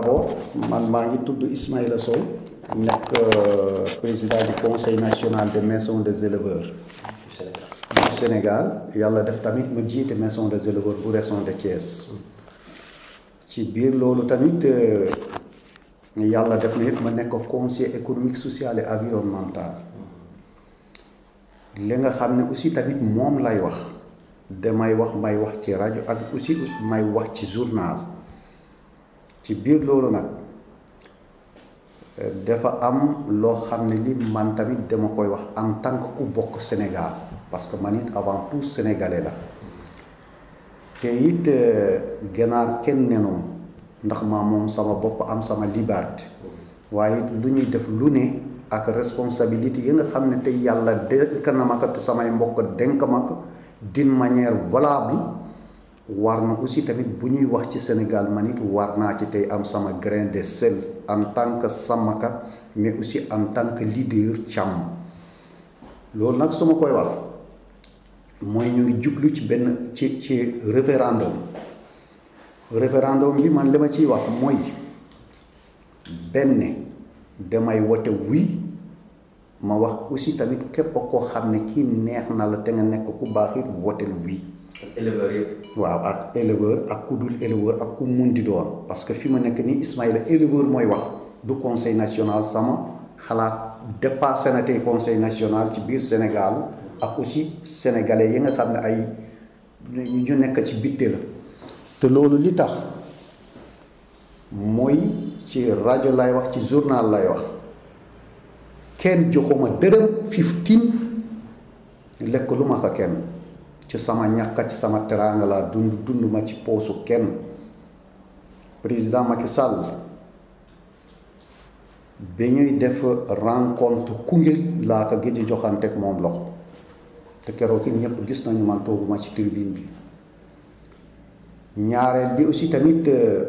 d'abord man maa ngi tudd Ismaïla Sow nekk euh, président du conseil national des maisons des éleveurs du Sénégal yàlla def tamit ma jiite maison de éleveurs bu région de Thiès ci biir loolu tamit euh, yàlla def na it ma nekk conseiller économique social et environnemental li nga xam ne aussi tamit moom lay wax damay wax may wax ci rajo ak aussi may wax ci journal ci biir loolu nag dafa am loo xam ne li man tamit dama koy wax en tant que ku bokk Sénégal parce que man it avant tout sénégalais la te it ganaar kenn nenoom ndax maa moom sama bopp am sama liberté waaye lu ñuy def lu ne ak responsabilité yi nga xam ne te yàlla dénk na ma ko samay mbokk dénk ma ko d'une manière valable war na aussi tamit bu ñuy wax ci Sénégal ma it war naa ci tey am sama grain de sel en tant que sàmmkat mais aussi en tant que leader càmm loolu nag su ma koy wax mooy ñu ngi jublu ci benn ci ci référendum référendum li man la ma ciy wax mooy benn damay wote oui ma wax aussi tamit képp koo xam ne kii neex na la te nga nekk ku baax it woteel oui éleveur waaw ak éleveur ak ku dul éleveur ak ku mun di doon parce que fi ma nekk nii Ismaïla éleveur mooy wax du conseil national sama xalaat dépassé na tey conseil national ci biir Sénégal ak aussi sénégalais yi nga xam ne ay ñu nekk ci bitte la te loolu li tax mooy ci rajo lay wax ci journal lay wax kenn joxuma dërëm fifteen lekk lu ma ko kenn ci sama ñàkk ci sama teraanga laa dund dund ma ci poosu kenn président Macky Sall ba ñuy def rencontre Koungheul laa ko gëj a joxante ak moom loxo te keroog it ñëpp gis nañu man tooguma ci tribune bi ñaareel bi aussi tamit euh,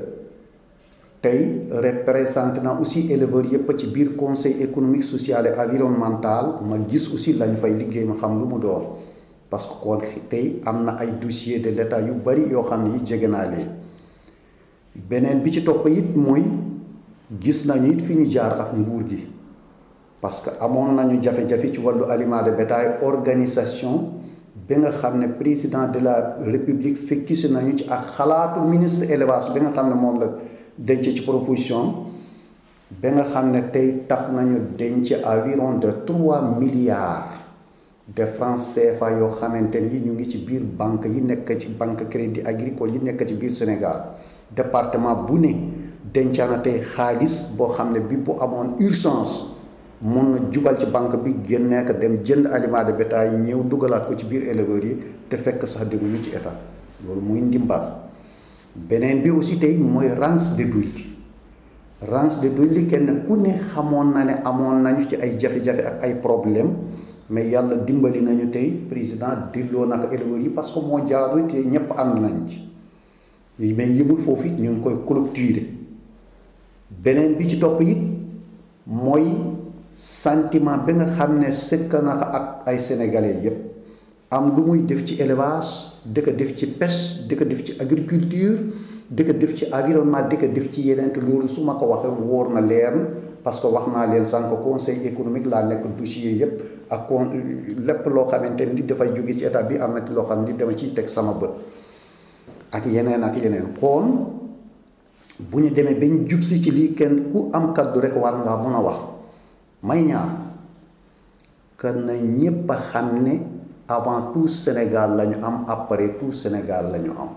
tey représenté na aussi éleveur yëpp ci biir conseil économique social et environnemental ma gis aussi lañu fay liggéey ma xam lu mu doon. parce que kon tey am na ay dossier de l'état yu bari yoo xam ne jege naa leen beneen bi ci topp it mooy gis nañu it fi ñu jaar ak nguur gi parce que amoon nañu jafe-jafe ci wàllu aliment de bétail organisation bi nga xam ne président de la république fekki si nañu ci ak xalaatu ministre élevage bi nga xam ne moom la denc ci proposition bi nga xam ne tey tax nañu denc environ de trois milliards te France CFA yoo xamante ni ñu ngi ci biir banque yi nekk ci banque crédit agricole yi nekk ci biir Sénégal département bu ne dencaana tey xaalis boo xam ne bi bu amoon urgence mun na jugal ci banque bi génnee ko dem jënd aliment de bétail ñëw dugalaat ko ci biir éleveurs yi te fekk sax ñu ci état loolu muy ndimbal beneen bi aussi tey mooy ranch de douille ranch de douille kenn ku ne xamoon na ne amoon nañu ci ay jafe-jafe ak ay problème mais yàlla dimbali nañu tey président dilloo naka éleveurs yi parce que moo jaadu te ñëpp am nañ ci mais yëmul foofu it ñu ngi koy clôturer beneen bi ci topp it mooy santiment bi nga xam ne sëkk naka ak ay sénégalais yépp am lu muy def ci élevage di def ci pêche di ko def ci agriculture di def ci environnement di ko def ci yeneen te loolu su ma ko waxee wóor na leer na que wax naa leen sànq conseil économique laa nekk dossier yëpp ak con lépp loo xamante ni dafay jóge ci état bi am na loo xam ni dama ciy teg sama bët ak yeneen ak yeneen kon bu ñu demee bañ jub si ci lii kenn ku am kaddu rek war ngaa mën a wax may ñaar kan na ñépp a xam ne avant tout Sénégal lañu am après tout Sénégal lañu am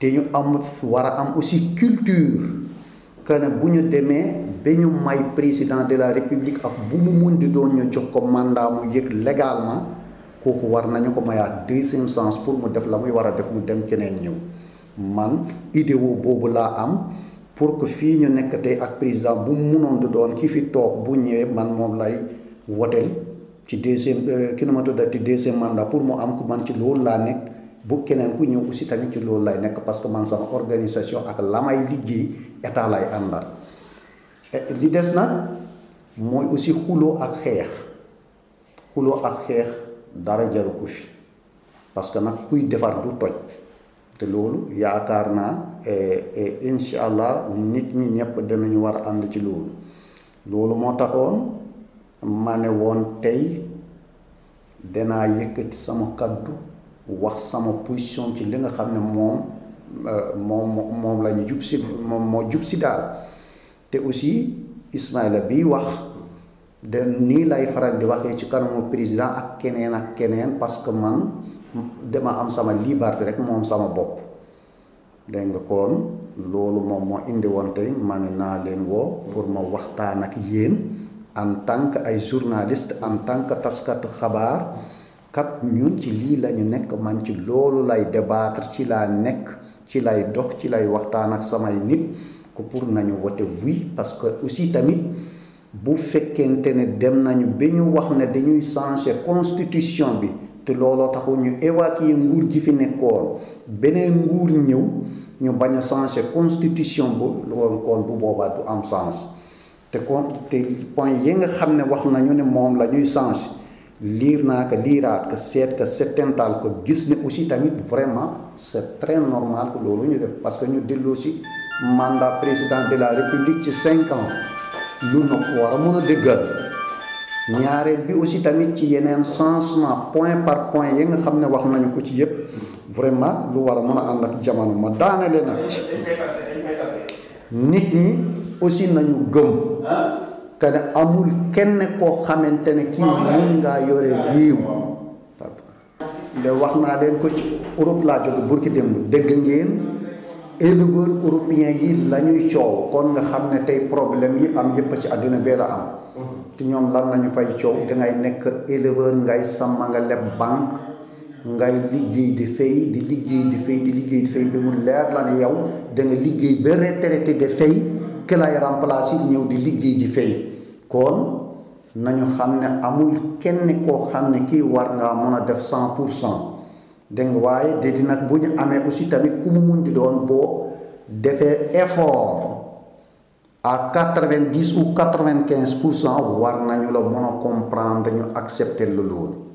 te ñu am war a am aussi culture que ne bu ñu demee ba ñu may président de la république ak bu mu mun di doon ñu jox ko mandat mu yëg légalement kooku war nañu ko mayaat deuxième sens pour mu def la muy war a def mu dem keneen ñëw man idéo boobu laa am pour que fii ñu nekk tey ak président bu mu munoon di doon ki fi toog bu ñëwee man moom lay woteel ci deuxième euh, ki nu ma tuddati deuxième mandat pour mu am ko man ci loolu laa nekk bu keneen ku ñëw aussi tamit ci loolu lay nekk parce que man sama organisation ak la may liggéey état lay àndal li des na mooy aussi xuloo ak xeex xuloo ak xeex dara jaru ko fi parce que nag kuy defar du toj te loolu yaakaar naa eh, eh, incha allah nit ñi ñëpp danañu war ànd ci loolu loolu moo taxoon ma ne woon tey danaa yëkkati sama kàddu wax sama position ci li nga xam ne moom euh, moom moom la ñu jub si moom moo jub si daal te aussi Ismaïla bi wax de nii lay faral di waxee ci kanamu président ak keneen ak keneen parce que man dama am sama liberté rek moom sama bopp dégg nga kon loolu moom moo indi woon tey man naa leen woo pour ma waxtaan ak yéen en tant que ay journaliste en tant que taskatu xabaar kat ñun ci lii lañu nekk man ci loolu lay débattre ci laa nekk ci lay dox ci lay waxtaan ak samay nit ko pour nañu voter oui parce que aussi tamit bu fekkente ne dem nañu ba ñu wax ne dañuy changer constitution bi te looloo taxu ñu yi nguur gi fi nekkoon beneen nguur ñëw ñu bañ a changer constitution bu loolu kon bu boobaa du am sens te kon te point yi nga xam ne wax nañu ne moom la ñuy changer liir naa ko liiraat ko seet ko settantal ko gis ne aussi tamit vraiment c'est très normal que loolu ñu def parce que ñu delloo si mandat président de la république ci cinq ans lu na war a mën a dëggal ñaareel bi aussi tamit ci yeneen changement point par point yi nga xam ne wax nañu ko ci yépp vraiment lu war a mën a ànd ak jamono ma daanale nag ci nit ñi aussi nañu gëm te amul kenn koo xamante ne kii mun ngaa yore réew de wax naa leen ko ci Europe laa jóge burki démb dégg ngeen éleveur européen yi la ñuy coow kon nga xam ne tey problème yi am yépp ci àddina bee la am te ñoom lan lañu fay coow dangay nekk éleveur ngay sàmm nga leb banque ngay liggéey di fay di liggéey di fay di liggéey di fay bi mu leer la yow danga liggéey ba retraité de fay ki lay remplacer ñëw di liggéey di fay kon nañu xam ne amul kenn koo xam ne kii war ngaa mën a def cent pour cent dégg nga waaye nag bu ñu amee aussi tamit ku mu mun di doon boo defee effort à quatre vingt dix ou pour cent war nañu la mën a comprendre ñu accepter la loolu